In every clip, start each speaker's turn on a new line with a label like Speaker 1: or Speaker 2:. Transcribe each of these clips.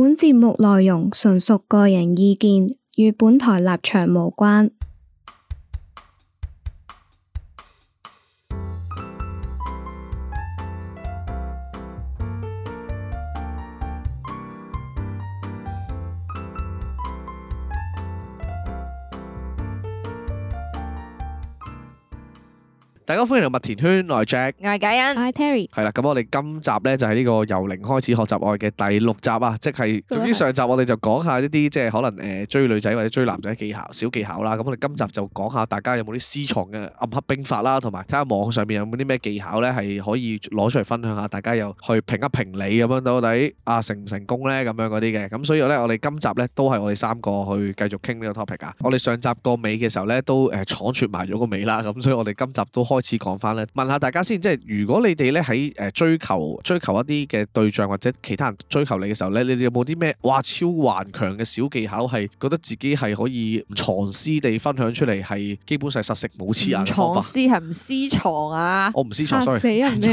Speaker 1: 本節目內容純屬個人意見，與本台立場無關。
Speaker 2: 歡迎嚟，麥田圈，我係 Jack，我
Speaker 1: 係 Kayan，我係 Terri。
Speaker 2: 係啦，咁我哋今集咧就係呢個由零開始學習愛嘅第六集啊，即係，總之上集我哋就講下呢啲即係可能誒追女仔或者追男仔技巧、小技巧啦。咁我哋今集就講下大家有冇啲私藏嘅暗黑兵法啦，同埋睇下網上面有冇啲咩技巧咧係可以攞出嚟分享下，大家又去評一評理咁樣到底啊成唔成功咧咁樣嗰啲嘅。咁所以咧我哋今集咧都係我哋三個去繼續傾呢個 topic 啊。我哋上集個尾嘅時候咧都誒闖出埋咗個尾啦，咁所以我哋今集都開始。講翻咧，問下大家先，即係如果你哋咧喺誒追求追求一啲嘅對象或者其他人追求你嘅時候咧，你哋有冇啲咩哇超頑強嘅小技巧係覺得自己係可以藏私地分享出嚟，係基本上係實食冇黐牙嘅方法。藏私
Speaker 3: 係唔私藏啊？我唔私藏，誰啊你？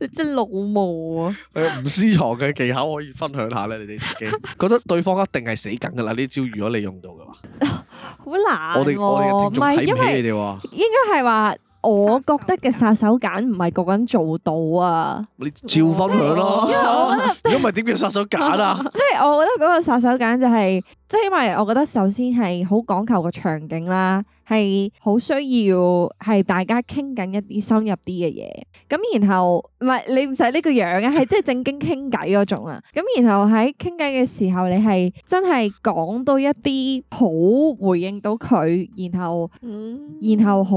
Speaker 3: 你真係老母啊！誒，唔私
Speaker 2: 藏嘅技巧可以分享下咧，你哋自己覺得對方一定。定係死緊噶啦！呢招如果你用到嘅話，
Speaker 3: 好 難、啊我。我哋我哋聽眾睇唔起因為你哋喎。應該係話，我覺得嘅殺手鐧唔係個人做到啊。
Speaker 2: 你照分享咯，如果唔係點叫殺手鐧啊？
Speaker 3: 即係 我覺得嗰、 啊、 個殺手鐧就係、是。即係因為我覺得首先係好講求個場景啦，係好需要係大家傾緊一啲深入啲嘅嘢。咁然後唔係你唔使呢個樣啊，係即係正經傾偈嗰種啊。咁然後喺傾偈嘅時候，你係真係講到一啲好回應到佢，然後、嗯、然後好、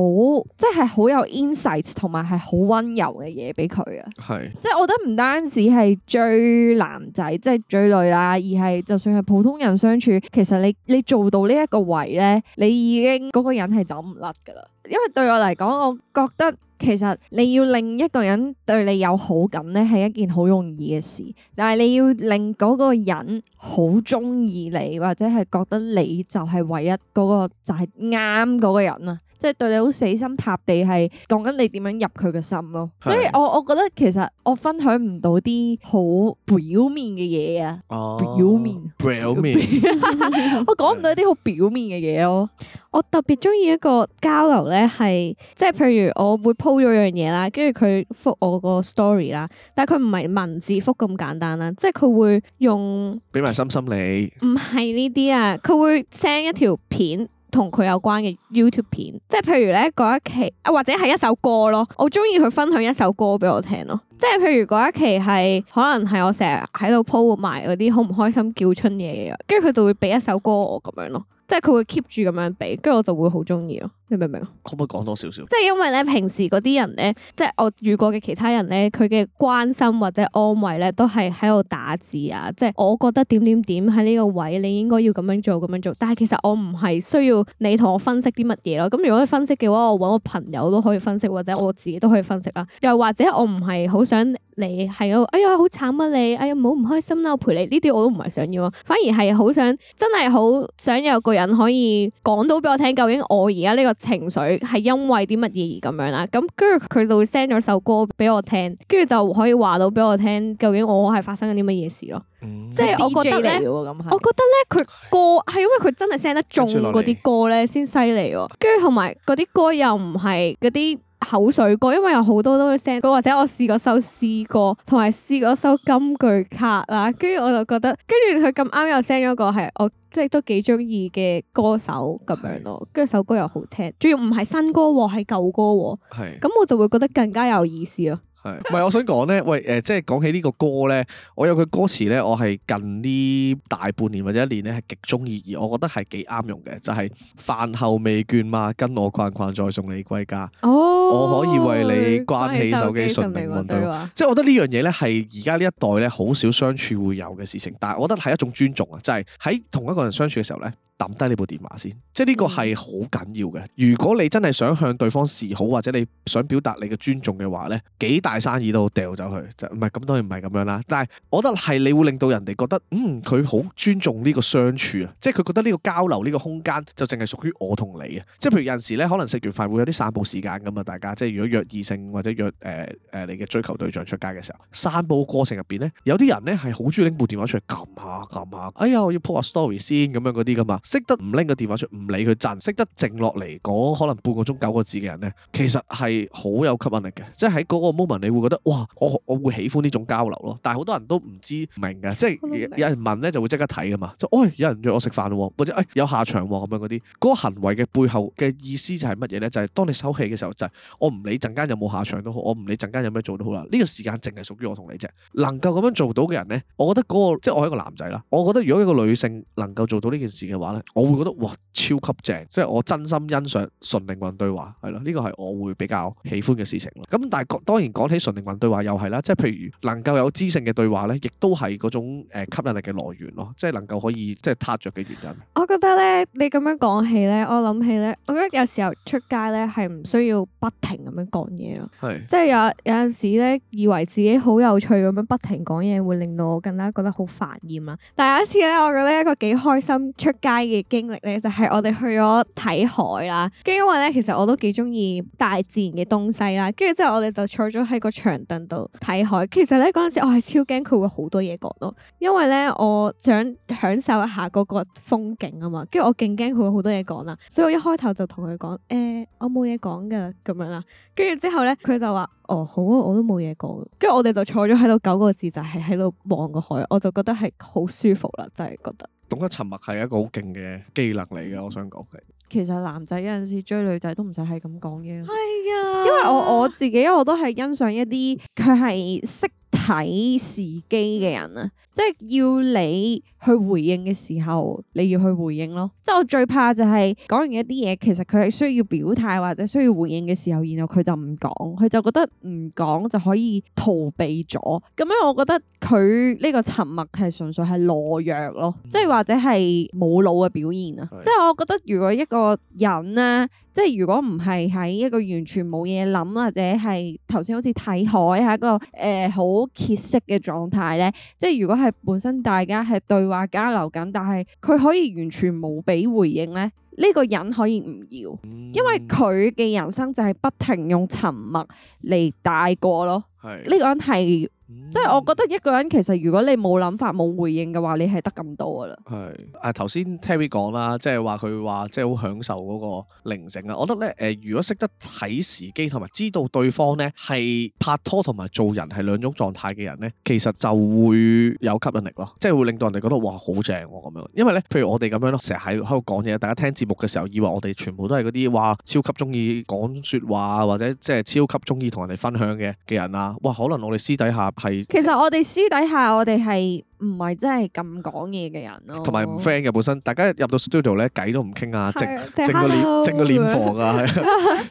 Speaker 3: 即係、是即係好有 insight 同埋係好温柔嘅嘢俾佢啊。係即係我覺得唔單止係追男仔，即、就、係、係、追女啦，而係就算係普通人相處。其實你你做到呢一個位咧，你已經嗰個人係走唔甩噶啦。因為對我嚟講，我覺得其實你要令一個人對你有好感咧，係一件好容易嘅事。但係你要令嗰個人好中意你，或者係覺得你就係唯一嗰個，就係啱嗰個人啊。即係對你好死心塌地，係講緊你點樣入佢嘅心咯。是所以我我覺得其實我分享唔到啲好表面嘅嘢啊，哦、表面，哦、表面， 我講唔到啲好表面嘅嘢咯。我特別中意一個交流咧，係即係譬如我
Speaker 1: 會鋪咗樣嘢啦，跟住佢覆我個 story 啦，但係佢唔係文字覆咁簡單啦，即係佢會用
Speaker 2: 畀埋心心理，
Speaker 1: 唔係呢啲啊，佢會 send 一條片。 同佢有關嘅 YouTube 片，即係譬如咧嗰一期啊，或者係一首歌咯，我中意佢分享一首歌俾我聽咯，即係譬如嗰一期係可能係我成日喺度 po 埋嗰啲好唔開心叫春嘢嘅，跟住佢就會俾一首歌我咁樣咯。即係佢會 keep 住咁樣俾，跟住我就會好中意咯，你明唔明啊？可唔可以講多少少？即係因為咧，平時嗰啲人咧，即係我遇過嘅其他人咧，佢嘅關心或者安慰咧，都係喺度打字啊！即係我覺得點點點喺呢個位，你應該要咁樣做，咁樣做。但係其實我唔係需要你同我分析啲乜嘢咯。咁如果分析嘅話，我搵個朋友都可以分析，或者我自己都可以分析啦。又或者我唔係好想你喺度，哎呀好慘啊你，哎呀唔好唔開心啦，我陪你。呢啲我都唔係想要，反而係好想，真係好想，想有個。人可以講到俾我聽究竟我而家呢個情緒係因為啲乜嘢而咁樣啦、啊，咁跟住佢就會 send 咗首歌俾我聽，跟住就可以話到俾我聽究竟我係發生緊啲乜嘢事咯。嗯、即係我覺得咧，呢我覺得咧，佢歌係是因為佢真係 send 得中嗰啲歌咧先犀利喎，跟住同埋嗰啲歌又唔係嗰啲。口水歌，因為有好多都會 send 歌，或者我試過收詩歌，同埋試過收金句卡啦，跟住我就覺得，跟住佢咁啱又 send 咗個係，我即係都幾中意嘅歌手咁樣咯，跟住是首歌又好聽，仲要唔係新歌喎，係舊歌喎，咁是我就會覺得更加有意思咯！
Speaker 2: 係，唔係 我想講咧，喂，誒、呃，即係講起呢個歌咧，我有句歌詞咧，我係近呢大半年或者一年咧，係極鍾意，而我覺得係幾啱用嘅，就係、是、飯後未倦嘛，跟我逛逛再送你歸家。
Speaker 1: 哦，我可以為你關起手機順順、啊，順便問對，
Speaker 2: 即係我覺得呢樣嘢咧，係而家呢一代咧，好少相處會有嘅事情，但係我覺得係一種尊重啊，就係、是、喺同一個人相處嘅時候咧。抌低你部電話先，即係呢個係好緊要嘅。如果你真係想向對方示好，或者你想表達你嘅尊重嘅話呢，幾大生意都掉走佢，唔係咁，當然唔係咁樣啦。但係我覺得係你會令到人哋覺得，嗯，佢好尊重呢個相處啊，即係佢覺得呢個交流呢個空間就淨係屬於我同你啊。即係譬如有陣時咧，可能食完飯會有啲散步時間咁嘛，大家即係如果約異性或者約誒誒、呃呃、你嘅追求對象出街嘅時候，散步過程入邊呢，有啲人呢係好中意拎部電話出去撳下撳下，哎呀我要 po 個 story 先咁樣嗰啲噶嘛。識得唔拎個電話出，唔理佢震，識得靜落嚟講，可能半個鐘九個字嘅人呢，其實係好有吸引力嘅。即係喺嗰個 moment，你會覺得哇，我我會喜歡呢種交流咯。但係好多人都唔知明嘅，即係有人問呢就會即刻睇噶嘛。就，哎，有人約我食飯咯，或者有下場咁樣嗰啲。嗰個行為嘅背後嘅意思就係乜嘢呢？就係當你收氣嘅時候，就係我唔理陣間有冇下場都好，我唔理陣間有咩做都好啦。呢個時間淨係屬於我同你啫。能夠咁樣做到嘅人呢，我覺得嗰個即係我係一個男仔啦。我覺得如果一個女性能夠做到呢件事嘅話，我會覺得哇，超級正，即係我真心欣賞純靈魂對話，係咯，呢個係我會比較喜歡嘅事情咯。咁但係當然講起純靈魂對話又係啦，即係譬如能夠有知性嘅對話呢，亦都係嗰種誒，吸引力嘅來源咯，即係能夠可以即係踏着嘅原因。
Speaker 1: 我覺得呢，你咁樣講起呢，我諗起呢，我覺得有時候出街呢，係唔需要不停咁樣講嘢咯，係即係有有陣時咧以為自己好有趣咁樣不停講嘢，會令到我更加覺得好煩厭啊。但有一次呢，我覺得一個幾開心出街。嘅經歷咧，就係、是、我哋去咗睇海啦。跟住因為咧，其實我都幾中意大自然嘅東西啦。跟住之後，我哋就坐咗喺個長凳度睇海。其實咧嗰陣時，我係超驚佢會好多嘢講咯。因為咧，我想享受一下嗰個風景啊嘛。跟住我勁驚佢會好多嘢講啦。所以我一開頭就同佢講，誒、欸，我冇嘢講噶咁樣啦。跟住之後咧，佢就話。哦，好啊，我都冇嘢講，跟住我哋就坐咗喺度九個字，就係喺度
Speaker 3: 望個海，我就覺得係好舒服啦，就係覺得。
Speaker 2: 懂得沉默係一個好勁嘅技能嚟嘅，我想講係。
Speaker 3: 其實男仔有陣時追女仔都唔使係咁講嘢。係啊，哎呀，因為我我自己我都係欣賞一啲佢係識。睇時機嘅人啊，即係要你去回應嘅時候，你要去回應咯。即係我最怕就係、是、講完一啲嘢，其實佢係需要表態或者需要回應嘅時候，然後佢就唔講，佢就覺得唔講就可以逃避咗。咁樣我覺得佢呢個沉默係純粹係懦弱咯，即係或者係冇腦嘅表現啊。嗯、即係我覺得如果一個人咧。即係如果唔係喺一個完全冇嘢諗或者係頭先好似睇海係一個誒好歇息嘅狀態咧，即係如果係本身大家係對話交流緊，但係佢可以完全冇俾回應咧，呢、這個人可以唔要，因為佢嘅人生就係不停用沉默嚟帶過咯。呢是個人係。嗯、即係我覺得一個人其實如果你冇諗法冇回應嘅話，你係得咁多噶啦。
Speaker 2: 係，誒頭先 Terri 講啦，即係話佢話即係好享受嗰個靈性啊。我覺得咧，誒、呃、如果識得睇時機同埋知道對方咧係拍拖同埋做人係兩種狀態嘅人咧，其實就會有吸引力咯，即係會令到人哋覺得哇好正咁樣。因為咧，譬如我哋咁樣咯，成日喺喺度講嘢，大家聽節目嘅時候以為我哋全部都係嗰啲哇超級中意講說話或者即係超級中意同人哋分享嘅嘅人啊，哇可能我哋私底下。係
Speaker 3: 其實我哋私底下我哋係。唔係真係咁講嘢嘅人咯、哦，同埋唔
Speaker 2: friend 嘅本身，大家入到 studio 咧，偈都唔傾啊，靜靜正個臉，靜個殮房啊，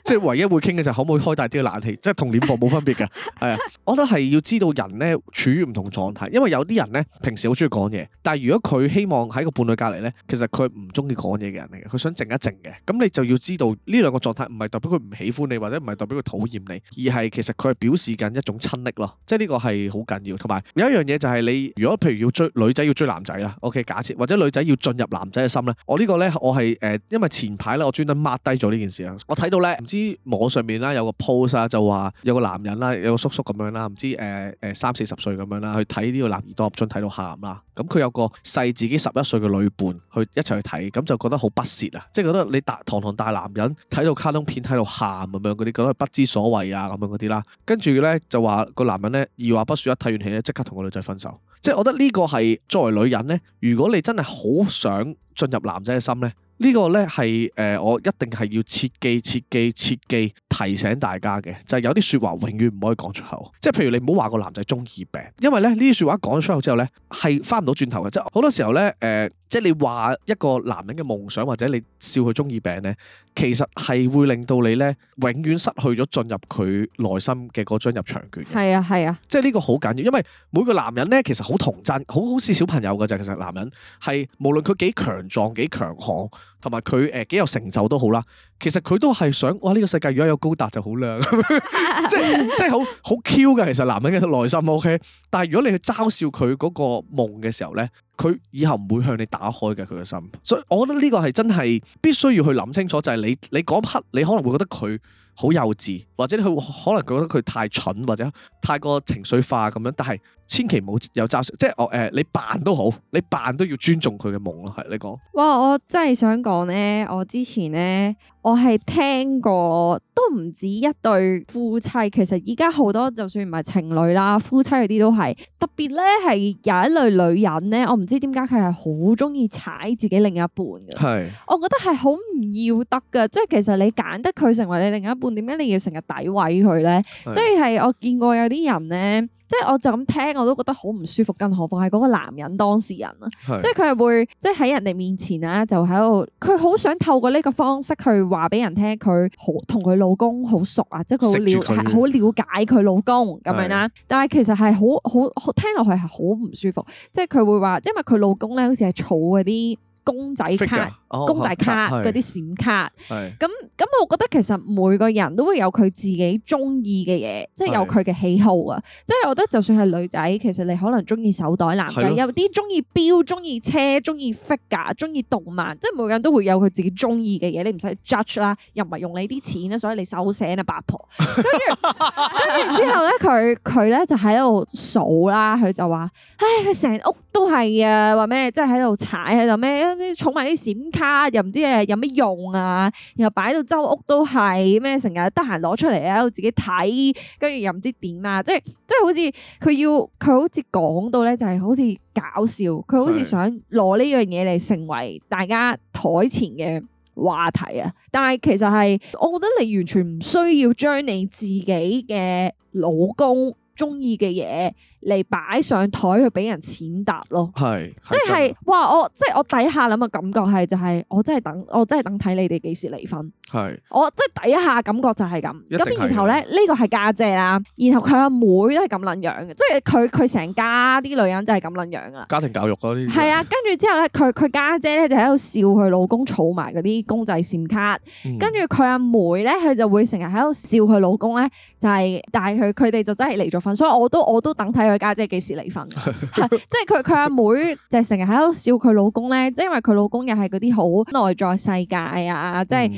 Speaker 2: 即係 唯一會傾嘅就係可唔可以開大啲嘅冷氣，即係同殮房冇分別嘅。係啊， 我覺得係要知道人咧處於唔同狀態，因為有啲人咧平時好中意講嘢，但係如果佢希望喺個伴侶隔離咧，其實佢唔中意講嘢嘅人嚟嘅，佢想靜一靜嘅。咁你就要知道呢兩個狀態唔係代表佢唔喜歡你或者唔係代表佢討厭你，而係其實佢係表示緊一種親暱咯。即係呢個係好緊要，同埋有，有一樣嘢就係你如果譬如。要追女仔要追男仔啦，OK，假設或者女仔要進入男仔嘅心咧，我個呢個咧我係誒、呃，因為前排咧我專登抹低咗呢件事呢呢啊，我睇到咧唔知網上面啦有個 post 就話有個男人啦，有個叔叔咁樣啦，唔知誒誒、呃呃、三四十歲咁樣啦，去睇呢個男兒當入樽，睇到喊啦。咁佢有個細自己十一歲嘅女伴去一齊去睇，咁就覺得好不屑啊！即係覺得你大堂堂大男人睇到卡通片喺度喊咁樣嗰啲，覺得不知所謂啊咁樣嗰啲啦。跟住呢就話個男人呢二話不說，一睇完戲咧即刻同個女仔分手。即係我覺得呢個係作為女人呢，如果你真係好想進入男仔嘅心呢。呢個呢係誒、呃，我一定係要切記、切記、切記提醒大家嘅，就係、是、有啲説話永遠唔可以講出口。即係譬如你唔好話個男仔中意病，因為呢呢啲説話講咗出口之後呢，係翻唔到轉頭嘅。即係好多時候呢，誒、呃，即係你話一個男人嘅夢想或者你笑佢中意病呢，其實係會令到你呢永遠失去咗進入佢內心嘅嗰張入場券。係啊，係啊，即係呢個好緊要，因為每個男人呢，其實好童真，好好似小朋友嘅，就其實男人係無論佢幾強壯幾強悍。同埋佢誒幾有成就都好啦，其實佢都係想，哇！呢個世界如果有高達就好靚， 即係即係好好 Q 嘅。其實男人嘅內心 OK，但係如果你去嘲笑佢嗰個夢嘅時候咧。佢以後唔會向你打開嘅佢嘅心，所以我覺得呢個係真係必須要去諗清楚，就係、係、你你嗰一刻你可能會覺得佢好幼稚，或者佢可能佢覺得佢太蠢，或者太過情緒化咁樣，但係千祈唔好有嘲笑，即係我誒你扮都好，你扮都要尊重佢嘅夢啊！係，你講
Speaker 3: 哇，我真係想講呢，我之前呢……」我係聽過都唔止一對夫妻，其實依家好多就算唔係情侶啦，夫妻嗰啲都係特別咧，係有一類女人咧，我唔知點解佢係好中意踩自己另一半嘅。係是，我覺得係好唔要得嘅，即係其實你揀得佢成為你另一半，點解你要成日詆毀佢咧？是即係我見過有啲人咧。即係我就咁聽，我都覺得好唔舒服，更何況係嗰個男人當事人啦。是即係佢係會，即係喺人哋面前啊，就喺度，佢好想透過呢個方式去話俾人聽，佢好同佢老公好熟啊，即係佢好了，好了解佢老公咁是樣啦。但係其實係好好聽落去係好唔舒服，即係佢會話，因為佢老公咧好似係嘈嗰啲。公仔卡、Figure ? oh, 公仔卡嗰啲、啊、閃卡，咁咁是，我覺得其實每個人都會有佢自己中意嘅嘢，即係是有佢嘅喜好啊！即係是我覺得，就算係女仔，其實你可能中意手袋，男仔、啊、有啲中意錶、中意車、中意 figure、中意動漫，即、就、係、是、每個人都會有佢自己中意嘅嘢，你唔使 judge 啦，又唔係用你啲錢啊，所以你收聲啊，八婆！跟住跟住之後咧，佢佢咧就喺度數啦，佢就話：唉，佢成屋都係啊，話咩？即係喺度踩喺度咩？啲儲埋啲閃卡又唔知誒，有咩用啊，又擺到周屋都係咩，成日得閒攞出嚟喺度自己睇，跟住又唔知點啦，啊，即係即係好似佢要佢好似講到咧就係好似搞笑，佢好似想攞呢樣嘢嚟成為大家台前嘅話題啊，但係其實係，我覺得你完全唔需要將你自己嘅老公中意嘅嘢。嚟擺上枱去俾人踐踏咯，
Speaker 2: 係，
Speaker 3: 即係哇！我即係我底下諗嘅感覺係就係、是、我真係等我真係等睇你哋幾時離婚，係是，我即係底下感覺就係咁，咁然後咧呢、這個係家姐，姐啦，然後佢阿妹都係咁撚樣嘅，即係佢佢成家啲女人就係咁撚樣嘅，家
Speaker 2: 庭教育嗰啲，係
Speaker 3: 啊，跟住、啊、之後咧，佢佢家姐咧就喺度笑佢老公儲埋嗰啲公仔線卡，跟住佢阿妹咧佢就會成日喺度笑佢老公咧就係、是，但係佢佢哋就真係離咗婚，所以我，我都我都，我都等睇。佢家姐幾時離婚？即係佢佢阿妹就成日喺度笑佢老公咧，即係因為佢老公又係嗰啲好內在世界啊，即係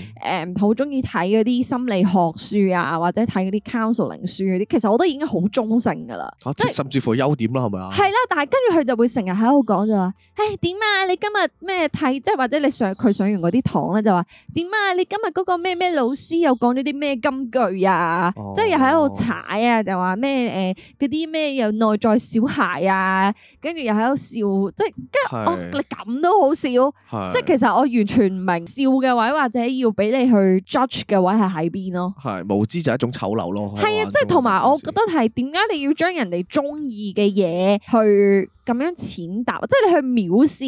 Speaker 3: 誒好中意睇嗰啲心理學書啊，或者睇嗰啲 counselling 書嗰啲，其實我都已經好中性噶啦，
Speaker 2: 即係、啊、甚至乎優點啦，係咪啊？係
Speaker 3: 啦，但係跟住佢就會成日喺度講就話，誒、哎、點啊？你今日咩睇？即係或者你上佢上完嗰啲堂咧，就話點啊？你今日嗰個咩咩老師又講咗啲咩金句啊？即係、哦、又喺度踩啊，就話咩誒嗰啲咩又。呃內在小孩啊，跟住又喺度笑，即係跟住我你咁都好笑，是即係其實我完全唔明笑嘅位或者要俾你去 judge 嘅位係喺邊咯，
Speaker 2: 係無知就係一種醜陋咯，
Speaker 1: 係啊，即
Speaker 3: 係同埋我覺得係點解你要將人哋中意嘅嘢去咁樣踐踏，即係你去藐視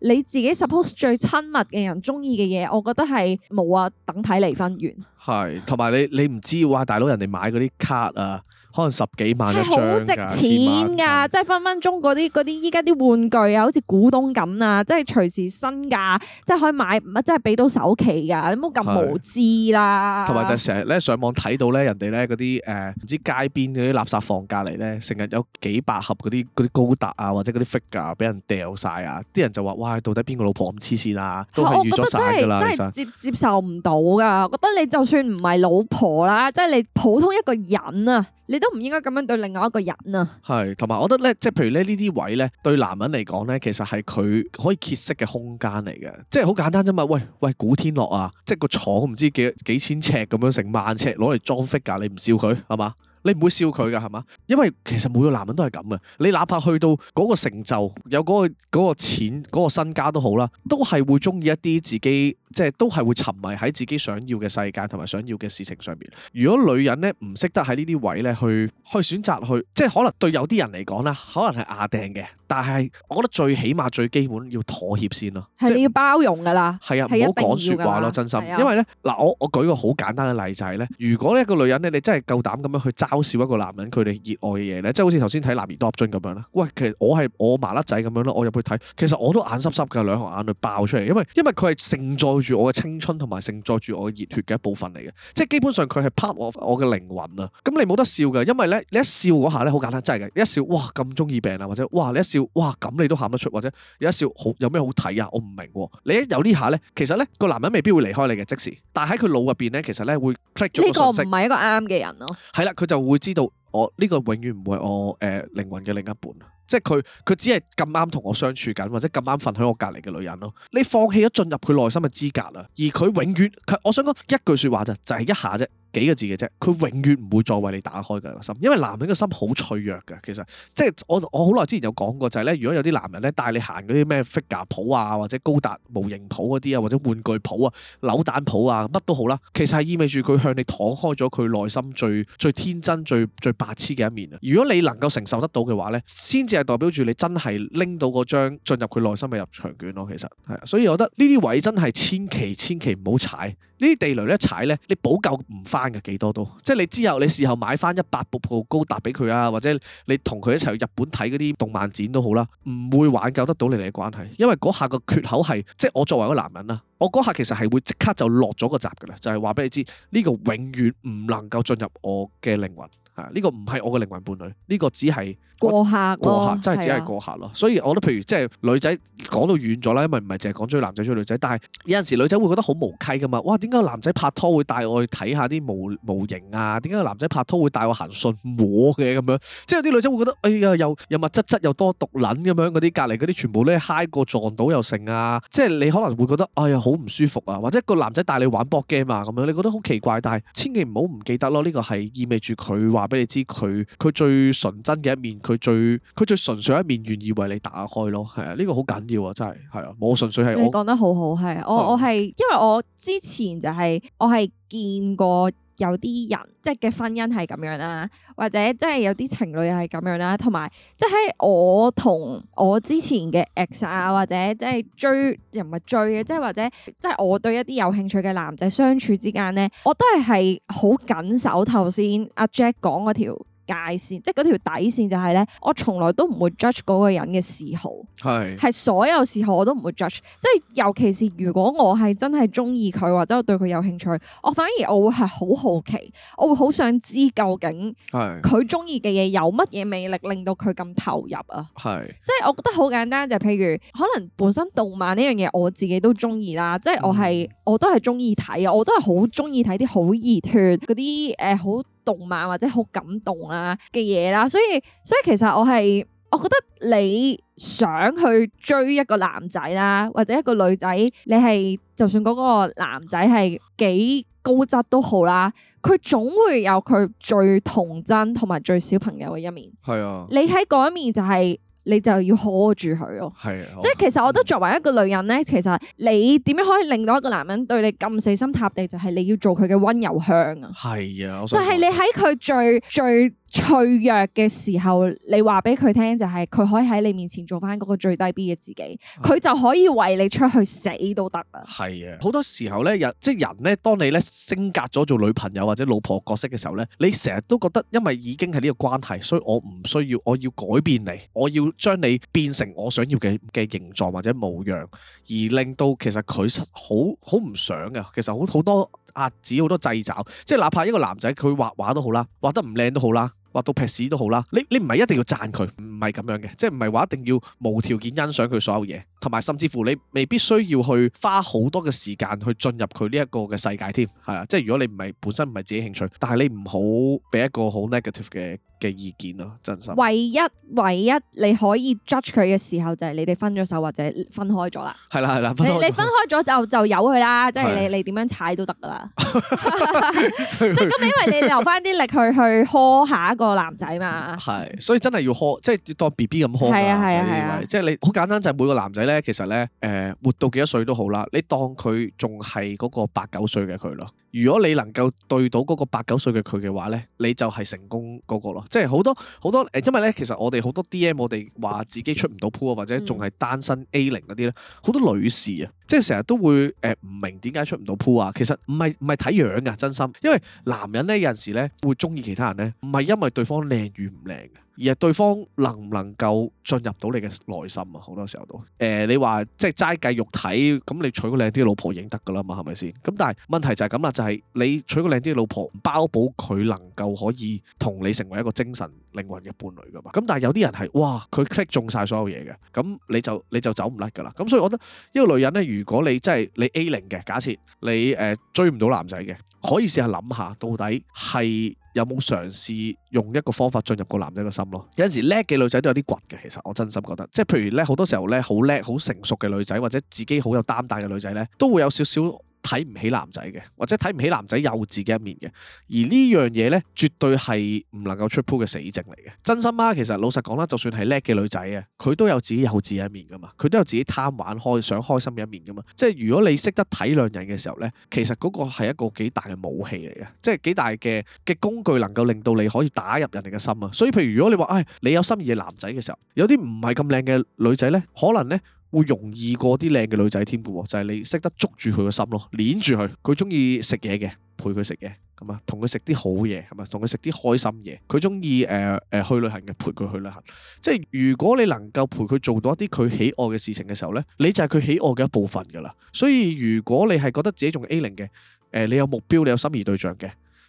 Speaker 3: 你自己 suppose 最親密嘅人中意嘅嘢，我覺得係冇啊。等睇離婚完，
Speaker 2: 係同埋你你唔知哇，大佬人哋買嗰啲卡啊，可能十幾萬一張㗎，好值錢㗎，即
Speaker 3: 係分分鐘嗰啲嗰啲依家啲玩具啊，好似古董咁啊，即係隨時新㗎，即係可以買，即係俾到首期㗎，你冇咁無知啦。同埋就
Speaker 2: 成日咧上網睇到咧人哋咧嗰啲誒唔知街邊嗰啲垃圾房隔離咧，成日有幾百盒嗰啲嗰啲高達啊。或者嗰啲 figure 啊，俾人掉晒啊！啲人就話：哇，到底邊個老婆咁黐線啊？都係預咗晒㗎啦，其實。接
Speaker 3: 接受唔到㗎，覺得你就算唔係老婆啦，即係你普通一個人啊，你都唔應該咁樣對另外一個人啊。
Speaker 2: 係，同埋我覺得咧，即係譬如咧呢啲位咧，對男人嚟講咧，其實係佢可以揭息嘅空間嚟嘅，即係好簡單啫嘛。喂喂，古天樂啊，即係個廠唔知幾幾千尺咁樣，成萬尺攞嚟裝 figure，你唔笑佢係嘛？你唔會笑佢噶係嘛？因為其實每個男人都係咁嘅，你哪怕去到嗰個成就有嗰個嗰個錢嗰個身家都好啦，都係會中意一啲自己，即係都係會沉迷喺自己想要嘅世界同埋想要嘅事情上面。如果女人呢唔識得喺呢啲位呢去，去選擇去，即係可能對有啲人嚟講呢，可能係亞定嘅。但係我覺得最起碼最基本要妥協先咯，
Speaker 3: 係是你即要包容噶啦，係啊，唔好講說話咯，真心。的因為呢，
Speaker 2: 嗱，我我，我舉個好簡單嘅例子咧，如果呢個女人呢，你真係夠膽咁樣去嘲笑一個男人佢哋熱愛嘅嘢咧，即係好似頭先睇《男兒當咁樣咧。喂，其實我係我麻甩仔咁樣咯，我入去睇，其實我都眼濕濕嘅兩行眼淚爆出嚟，因為因為佢係承載住我嘅青春同埋承載住我嘅熱血嘅一部分嚟嘅，即係基本上佢係 part 我嘅靈魂啊。咁你冇得笑嘅，因為咧你一笑嗰下咧好簡單，真係嘅，你一笑哇咁中意病啊，或者哇你一笑哇咁你都喊得出，或者你一笑好有咩好睇啊？我唔明喎、啊，你一有呢下咧，其實咧個男人未必會離開你嘅，即時但係喺佢腦入邊咧，其實咧會 click 咗個信息，呢個唔
Speaker 3: 係一個啱嘅人咯、
Speaker 2: 啊。係啦，佢就。就會知道我呢個永遠唔會我誒靈、呃、魂嘅另一半，即係佢佢只係咁啱同我相處緊，或者咁啱瞓喺我隔籬嘅女人咯。你放棄咗進入佢內心嘅資格啦，而佢永遠佢我想講一句說話咋，就係一下啫。幾個字嘅啫，佢永遠唔會再為你打開佢個心，因為男人嘅心好脆弱嘅。其實即係我我好耐之前有講過，就係、是、咧，如果有啲男人咧帶你行嗰啲咩 figure 鋪啊，或者高達模型鋪嗰啲啊，或者玩具鋪啊、扭蛋鋪啊，乜都好啦，其實係意味住佢向你敞開咗佢內心最最天真、最最白癡嘅一面啊。如果你能夠承受得到嘅話咧，先至係代表住你真係拎到嗰張進入佢內心嘅入場券咯。其實係，所以我覺得呢啲位真係千祈千祈唔好踩。呢啲地雷咧踩咧，你補救唔翻嘅幾多都，即係你之後你事後買翻一百部部高達俾佢啊，或者你同佢一齊去日本睇嗰啲動漫展都好啦，唔會挽救得到你哋嘅關係，因為嗰下個缺口係，即係我作為一個男人啦，我嗰下其實係會即刻就落咗個閘㗎喇，就係話俾你知，呢個永遠唔能夠進入我嘅靈魂嚇，呢個唔係我嘅靈魂伴侶，呢個只係。過客、啊、過客，真係只係過客咯，的所以我覺得譬如即係女仔講到遠咗啦，因為唔係淨係講追男仔追女仔，但係有陣時女仔會覺得好無稽噶嘛，哇點解個男仔拍拖會帶我去睇下啲模模型啊？點解個男仔拍拖會帶我行信和嘅咁樣？即係啲女仔會覺得哎呀又又物質質又多毒卵咁樣嗰啲，隔籬嗰啲全部咧嗨 i 過撞到又成啊！即係你可能會覺得哎呀好唔舒服啊，或者個男仔帶你玩博 game 啊咁樣，你覺得好奇怪，但係千祈唔好唔記得咯，呢、這個係意味住佢話俾你知佢佢最純真嘅一面。佢最佢最純粹一面願意為你打開咯，係啊，呢個好緊要啊，真係係啊，我純粹係我講
Speaker 3: 得好好係啊，我我係因為我之前就係我係見過有啲人即係嘅婚姻係咁樣啦，或者即係有啲情侶係咁樣啦，同埋即係我同我之前嘅 ex 啊，或者即係追又唔係追嘅，即係或者即係我對一啲有興趣嘅男仔相處之間咧，我都係係好緊守頭先阿 Jack 講嗰條。界線，即係嗰條底線就係咧，我從來都唔會 judge 嗰個人嘅嗜好，係係是所有嗜好我都唔會 judge，即係尤其是如果我係真係中意佢或者我對佢有興趣，我反而我會係好好奇，我會好想知究竟係佢中意嘅嘢有乜嘢魅力令到佢咁投入啊？係是即係我覺得好簡單，就譬如可能本身動漫呢樣嘢我自己都中意啦，即係我係我都係中意睇啊，我都係好中意睇啲好熱血嗰啲誒好，呃動漫或者好感動啊嘅嘢啦，所以所以其實我係，我覺得你想去追一個男仔啦，或者一個女仔，你係就算嗰個男仔係幾高質都好啦，佢總會有佢最童真同埋最小朋友嘅一面。
Speaker 2: 係啊，你喺
Speaker 3: 嗰一面就係。你就要呵住佢咯。的即係其實我覺得作為一個女人咧，嗯、其實你點樣可以令到一個男人對你咁死心塌地，就係、是、你要做佢嘅温柔鄉啊！係啊，就係你喺佢最最 最脆弱嘅時候，你話俾佢聽就係、是、佢可以喺你面前做返嗰個最低 B 嘅自己，佢、啊、就可以為你出去死都得啦。係啊，好多
Speaker 2: 時候呢，又即係人呢，當你呢升格咗做女朋友或者老婆角色嘅時候呢，你成日都覺得，因為已經係呢個關係，所以我唔需要，我要改變你，我要將你變成我想要嘅嘅形狀或者模樣，而令到其實佢好好唔想嘅。其實好好多壓子好多掣肘，即係哪怕一個男仔佢畫畫都好啦，畫得唔靚都好啦。話到劈屎都好啦，你你唔係一定要贊佢，唔係咁樣嘅，即係唔係話一定要無條件欣賞佢所有嘢，同埋甚至乎你未必需要去花好多嘅時間去進入佢呢一個嘅世界添，係啊，即係如果你唔係本身唔係自己興趣，但係你唔好俾一個好 negative 嘅。嘅意見咯，真心唯
Speaker 3: 一唯一你可以 judge 佢嘅時候就係、是、你哋分咗手或者分開咗啦。
Speaker 2: 係啦係啦，分你分
Speaker 3: 開咗就就由佢啦，即係你的你點樣踩都得噶啦。
Speaker 2: 即係咁，琳 tongues 因為你留
Speaker 3: 翻啲力去去呵下一個男仔嘛。係，
Speaker 2: 所以真係要呵，即係當 B B 咁呵㗎。係啊係啊，即係你好簡單就每個男仔咧，其實咧誒、呃、活到幾多歲都好啦。你當佢仲係嗰個八九歲嘅佢咯。如果你能夠對到嗰個八九歲嘅佢嘅話咧，你就係成功嗰個咯。即係好多好多誒，因為咧，其實我哋好多 DM，我哋話自己出唔到 pool 或者仲係單身 A 零嗰啲咧，好多女士啊，即係成日都會誒唔明點解出唔到 pool 啊，其實唔係唔係睇樣嘅，真心，因為男人咧有陣時咧會中意其他人咧，唔係因為對方靚與唔靚嘅。而係對方能唔能夠進入到你嘅內心啊？好多時候都誒、呃，你話即係齋計肉體，咁你娶個靚啲老婆已經得㗎啦嘛，係咪先？咁但係問題就係咁啦，就係、是、你娶個靚啲嘅老婆，唔包保佢能夠可以同你成為一個精神靈魂嘅伴侶㗎嘛。咁但係有啲人係哇，佢 click 中晒所有嘢嘅，咁你就你就走唔甩㗎啦。咁所以我覺得呢個女人呢，如果你真係你 A0 嘅，假設你誒、呃、追唔到男仔嘅，可以試下諗下到底係。有冇嘗試用一個方法進入個男仔嘅心咯？有陣時叻嘅女仔都有啲倔嘅，其實我真心覺得，即係譬如叻，好多時候叻，好叻、好成熟嘅女仔，或者自己好有擔戴嘅女仔咧，都會有少少。睇唔起男仔嘅，或者睇唔起男仔幼稚嘅一面嘅，而呢樣嘢呢，絕對係唔能夠出 pool 嘅死症嚟嘅。真心啊，其實老實講啦，就算係叻嘅女仔啊，佢都有自己幼稚嘅一面噶嘛，佢都有自己貪玩開想開心嘅一面噶嘛。即係如果你識得體諒人嘅時候呢，其實嗰個係一個幾大嘅武器嚟嘅，即係幾大嘅嘅工具，能夠令到你可以打入人哋嘅心啊。所以譬如如果你話，唉、哎，你有心儀嘅男仔嘅時候，有啲唔係咁靚嘅女仔呢，可能呢。會容易過啲靚嘅女仔添嘅，就係你識得捉住佢個心咯，黏住佢，佢中意食嘢嘅，陪佢食嘢，咁啊，同佢食啲好嘢，係咪？同佢食啲開心嘢，佢中意誒誒去旅行嘅，陪佢去旅行。即係如果你能夠陪佢做到一啲佢喜愛嘅事情嘅時候呢，你就係佢喜愛嘅一部分噶啦。所以如果你係覺得自己仲 A 零嘅，誒、呃，你有目標，你有心儀對象嘅。.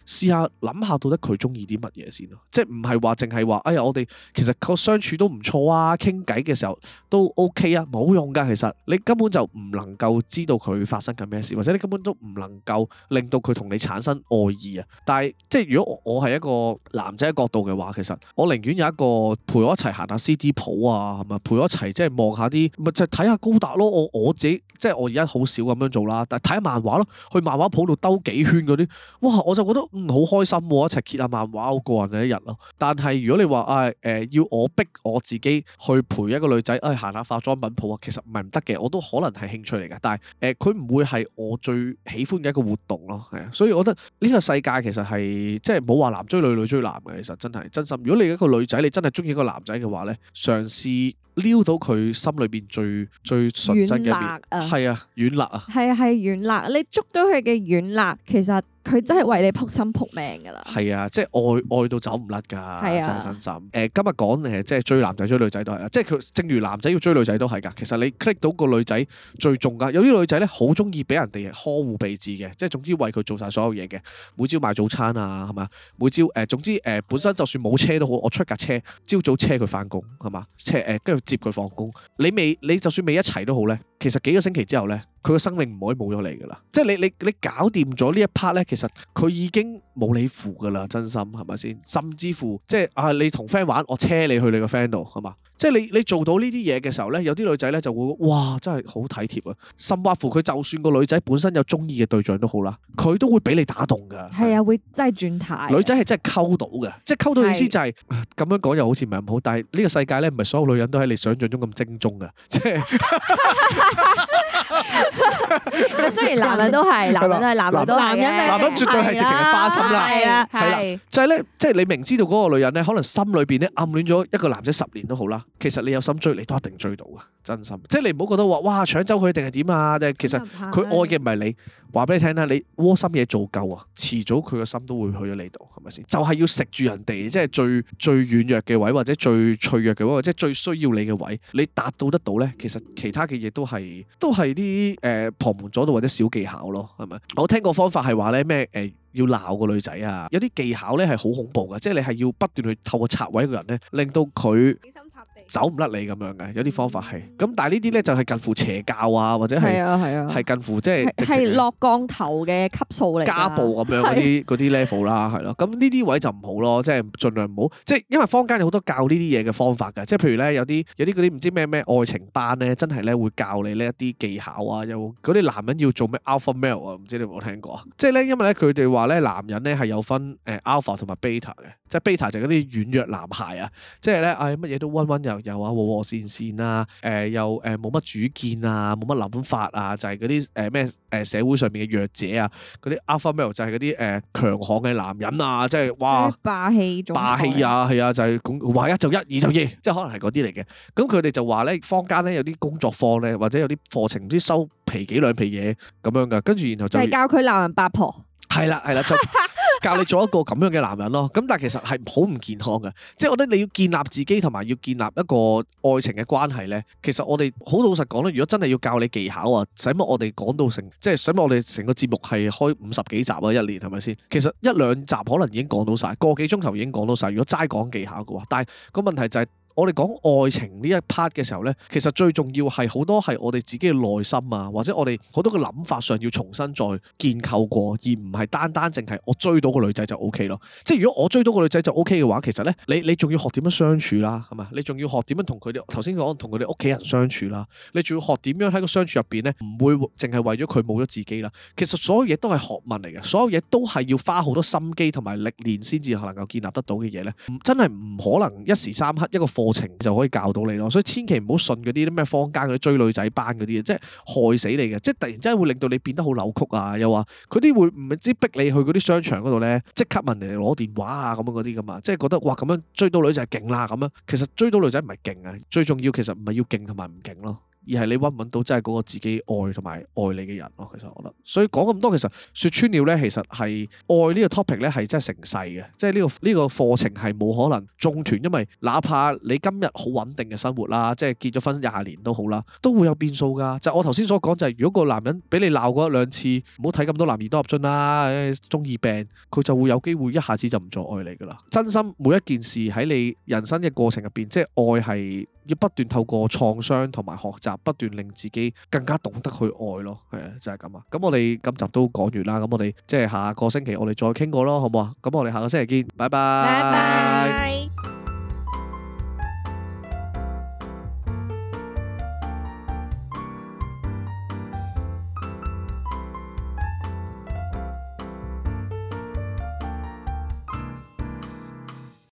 Speaker 2: 試下諗下，想想到底佢中意啲乜嘢先咯、啊？即係唔係話淨係話，哎呀，我哋其實個相處都唔錯啊，傾偈嘅時候都 OK 啊，冇用噶。其實你根本就唔能夠知道佢發生緊咩事，或者你根本都唔能夠令到佢同你產生愛意啊。但係即係如果我我係一個男仔角度嘅話，其實我寧願有一個陪我一齊行下 CD 鋪啊，係咪陪我一齊即係望下啲咪就睇下、就是、高達咯？我我自己即係我而家好少咁樣做啦，但係睇下漫畫咯，去漫畫鋪度兜幾圈嗰啲，哇！我就覺得。嗯，好開心喎、啊！一齊揭下、啊、漫畫，好過人嘅一日咯、啊。但係如果你話啊，誒、哎呃、要我逼我自己去陪一個女仔，啊行下化妝品鋪啊，其實唔係唔得嘅。我都可能係興趣嚟嘅，但係誒佢唔會係我最喜歡嘅一個活動咯、啊。係啊，所以我覺得呢個世界其實係即係冇話男追女，女追男嘅。其實真係真心。如果你一個女仔，你真係中意一個男仔嘅話呢，嘗試撩到佢心裏邊最最純真嘅一面，係辣啊，軟肋啊，
Speaker 3: 係係軟肋、啊，你捉到佢嘅軟肋，其實。佢真係為你撲心撲命噶啦，
Speaker 2: 係啊，即係愛愛到走唔甩噶，真係、啊、真心。誒、呃，今日講誒，即係追男仔追女仔都係啊，即係佢正如男仔要追女仔都係噶。其實你 click 到個女仔最重噶，有啲女仔咧好中意俾人哋呵護備至嘅，即係總之為佢做晒所有嘢嘅。每朝買早餐啊，係嘛？每朝誒、呃，總之誒、呃，本身就算冇車都好，我出架車朝早車佢翻工，係嘛？車誒，跟、呃、住接佢放工。你未你就算未一齊都好咧。其實幾個星期之後咧，佢嘅生命唔可以冇咗你噶啦，即係你你你搞掂咗呢一 part 咧，其實佢已經。冇你負噶啦，真心係咪先？甚至乎即係啊，你同 friend 玩，我車你去你個 friend 度，係嘛？即係你你做到呢啲嘢嘅時候咧，有啲女仔咧就會哇，真係好體貼啊！甚或乎佢就算個女仔本身有中意嘅對象都好啦，佢都會俾你打動噶。
Speaker 3: 係啊，會轉真係轉態。女
Speaker 2: 仔係真係溝到嘅，即係溝到意思就係、是、咁是、啊、樣講又好似唔係咁好，但係呢個世界咧唔係所有女人都係你想象中咁精忠嘅，即
Speaker 3: 係。 雖然男人都係，男人都係男人都係，男人都絕對係直情係花心。 係啊，係啦，
Speaker 2: 就係咧，即係你明知道嗰個女人咧，可能心裏邊咧暗戀咗一個男仔十年都好啦，其實你有心追，你都一定追到噶，真心。即係你唔好覺得話，哇，搶走佢定係點啊？即係其實佢愛嘅唔係你，話俾你聽啦，你窩心嘢做夠啊，遲早佢個心都會去咗你度，係咪先？就係、是、要食住人哋，即係最最軟弱嘅位，或者最脆弱嘅位，或者最需要你嘅位，你達到得到咧，其實其他嘅嘢都係都係啲誒旁門左道或者小技巧咯，係咪？我聽過方法係話咧咩誒。要鬧個女仔啊！有啲技巧咧係好恐怖嘅，即係你係要不斷去透過拆位一個人呢，令到佢。走唔甩你咁樣嘅，有啲方法係咁，但係呢啲咧就係近乎邪教啊，或者係係近乎即係係落
Speaker 3: 降頭嘅級數嚟，家暴咁樣嗰啲
Speaker 2: 啲 level 啦， 係咯。咁呢啲位就唔好咯，即係盡量唔好，即係因為坊間有好多教呢啲嘢嘅方法嘅，即係譬如咧有啲有啲嗰啲唔知咩咩愛情班咧，真係咧會教你呢一啲技巧啊，有嗰啲男人要做咩 alpha male 啊，唔知你有冇聽過即係咧，即係因為咧佢哋話咧男人咧係有分誒 alpha 同埋 beta 嘅。即係 beta 就係嗰啲軟弱男孩啊，即係咧，誒乜嘢都溫溫柔柔啊，和和善善啊，誒、呃、又誒冇乜主見啊，冇乜諗法啊，就係嗰啲誒咩誒社會上面嘅弱者啊，嗰啲 alpha male 就係嗰啲誒強悍嘅男人啊，即係哇，
Speaker 3: 霸氣，霸氣啊，係啊，
Speaker 2: 就係、是、咁，係啊，話一就一，二就二，即係可能係嗰啲嚟嘅。咁佢哋就話咧，坊間咧有啲工作坊咧，或者有啲課程，唔知收皮幾兩皮嘢咁樣噶，跟住然後就係教
Speaker 3: 佢鬧人八婆，
Speaker 2: 係啦係啦就。 教你做一個咁樣嘅男人咯，咁但係其實係好唔健康嘅，即係我覺得你要建立自己同埋要建立一個愛情嘅關係呢。其實我哋好老實講啦，如果真係要教你技巧啊，使乜我哋講到成，即係使乜我哋成個節目係開五十幾集啊一年係咪先？其實一兩集可能已經講到晒，個幾鐘頭已經講到晒。如果齋講技巧嘅話，但係個問題就係……。我哋講愛情呢一 part 嘅時候呢，其實最重要係好多係我哋自己嘅內心啊，或者我哋好多嘅諗法上要重新再建構過，而唔係單單淨係我追到個女仔就 OK 咯。即係如果我追到個女仔就 OK 嘅話，其實呢，你你仲要學點樣相處啦，係嘛？你仲要學點樣同佢哋頭先講同佢哋屋企人相處啦，你仲要學點樣喺個相處入邊呢？唔會淨係為咗佢冇咗自己啦。其實所有嘢都係學問嚟嘅，所有嘢都係要花好多心機同埋歷練先至能夠建立得到嘅嘢呢。真係唔可能一時三刻一個課情就可以教到你咯，所以千祈唔好信嗰啲咩坊間嗰啲追女仔班嗰啲嘢，即係害死你嘅，即係突然間會令到你變得好扭曲啊！又話佢啲會唔知逼你去嗰啲商場嗰度咧，即刻問人攞電話啊咁樣嗰啲噶嘛，即係覺得哇咁樣追到女仔係勁啦咁樣，其實追到女仔唔係勁啊，最重要其實唔係要勁同埋唔勁咯。而係你揾唔揾到真係嗰個自己愛同埋愛你嘅人咯，其實我覺得，所以講咁多，其實說穿了呢，其實係愛呢個 topic 呢係真係成世嘅，即係呢個呢、呢個課程係冇可能中斷，因為哪怕你今日好穩定嘅生活啦，即係結咗婚廿年都好啦，都會有變數噶。就係、我頭先所講，就係、是、如果個男人俾你鬧過一兩次，唔好睇咁多男兒多入樽啦，中意病，佢就會有機會一下子就唔再愛你噶啦。真心每一件事喺你人生嘅過程入邊，即係愛係。要不斷透過創傷同埋學習，不斷令自己更加懂得去愛咯，係啊，就係咁啊。咁我哋今集都講完啦，咁我哋即係下個星期我哋再傾過咯，好唔好啊？咁我哋下個星期見，拜
Speaker 3: 拜。拜拜。